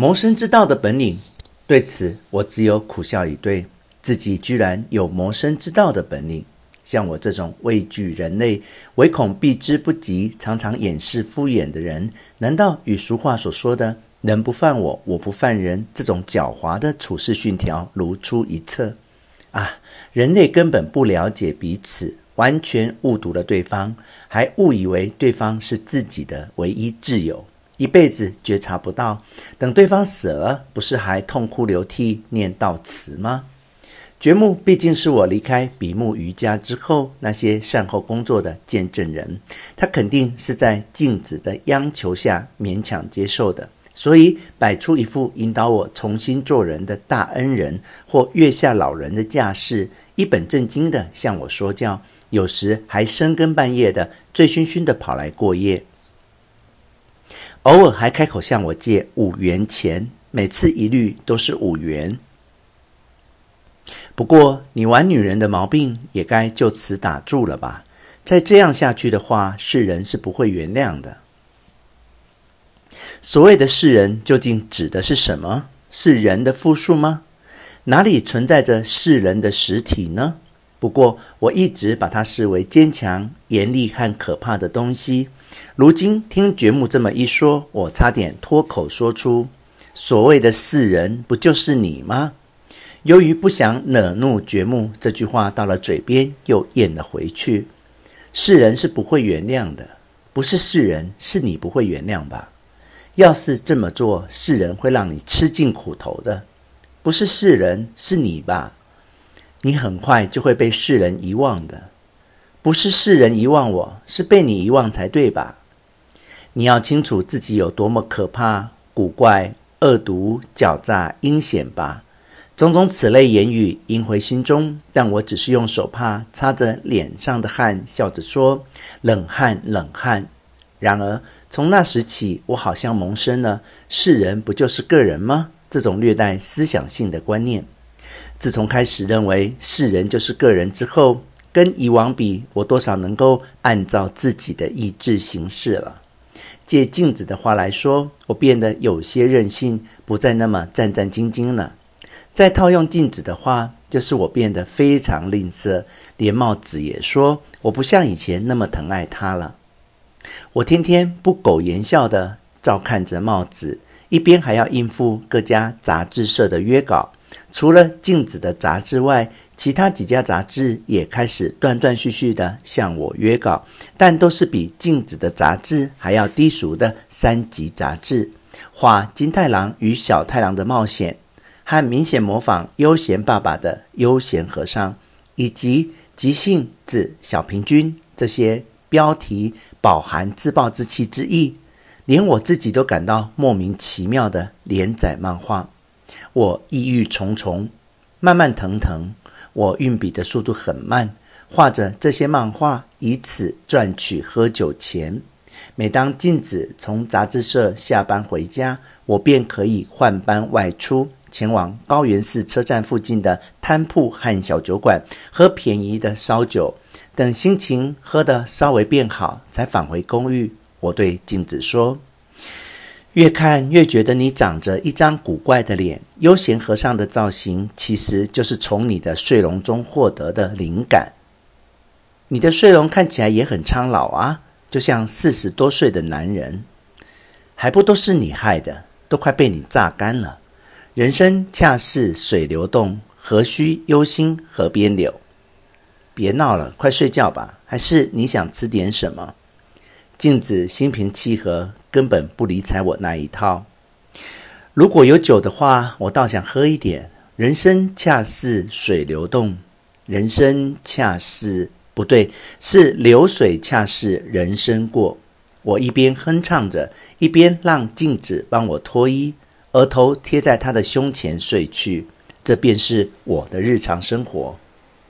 謀生之道的本領，對此我只有苦笑以對。自己居然有謀生之道的本領，像我這種畏懼人類、唯恐避之不及、常常掩飾敷衍的人，難道與俗話所說的“人不犯我，我不犯人”這種狡猾的處事信條如出一轍？啊，人類根本不了解彼此，完全誤讀了對方，還誤以為對方是自己的唯一摯友。一輩子覺察不到，等對方死了，不是還痛哭流涕念悼詞嗎？堀木畢竟是我離開比目魚家之後那些善後工作的見證人，他肯定是在靜子的央求下勉強接受的，所以擺出一副引導我重新做人的大恩人或月下老人的架勢，一本正經地向我說教，有時還深更半夜的醉醺醺地跑來過夜。偶爾還開口向我借五元錢，每次一律都是五元。不過，你玩女人的毛病也該就此打住了吧？再這樣下去的話，世人是不會原諒的。所謂的世人究竟指的是什麼？是人的複數嗎？哪裡存在着世人的實體呢？不過，我一直把它視為堅強、嚴厲和可怕的東西。如今聽堀木這麼一說，我差點脫口說出：“所謂的世人，不就是你嗎？”由於不想惹怒堀木，這句話到了嘴邊又咽了回去。世人是不會原諒的，不是世人，是你不會原諒吧？要是這麼做，世人會讓你吃盡苦頭的。不是世人，是你吧？你很快就會被世人遺忘的。不是世人遺忘我，是被你遺忘才對吧？你要清楚自己有多麼可怕、古怪、惡毒、狡詐、陰險吧？種種此類言語縈回心中，但我只是用手帕擦着臉上的汗，笑着說：“冷汗，冷汗。”然而，從那時起，我好像萌生了“世人不就是個人嗎？”這種略帶思想性的觀念。自從開始認為“世人就是個人”之後，跟以往比，我多少能夠按照自己的意志行事了。借鏡子的話來說，我變得有些任性，不再那麼戰戰兢兢了。再套用鏡子的話，就是我變得非常吝嗇，連帽子也說我不像以前那麼疼愛他了。我天天不苟言笑地照看着帽子，一邊還要應付各家雜誌社的約稿，除了鏡子的雜誌外，其他幾家雜誌也開始斷斷續續地向我約稿，但都是比禁止的雜誌還要低俗的三級雜誌，畫金太郎與小太郎的冒險，和明顯模仿《悠閒爸爸》的《悠閒和尚》，以及《急性子小平君》，這些標題飽含自暴自棄之意，連我自己都感到莫名其妙的連載漫畫。我抑鬱重重，慢慢騰騰。我運筆的速度很慢，畫着這些漫畫，以此賺取喝酒錢。每當靜子從雜誌社下班回家，我便可以換班外出，前往高圓寺車站附近的攤鋪和小酒館喝便宜的燒酒。等心情喝得稍微變好，才返回公寓。我對靜子說。越看越覺得你長着一張古怪的臉，悠閒和尚的造型其實就是從你的睡容中獲得的靈感。你的睡容看起來也很蒼老啊，就像四十多歲的男人，還不都是你害的，都快被你榨乾了。人生恰似水流動，何須憂心河邊柳？別鬧了，快睡覺吧。吧，還是你想吃點什麼？靜子心平氣和，根本不理睬我那一套。如果有酒的話，我倒想喝一點。人生恰似水流動，人生恰似，不對，是流水恰似人生過。我一邊哼唱着，一邊讓靜子幫我脫衣，額頭貼在她的胸前睡去。這便是我的日常生活。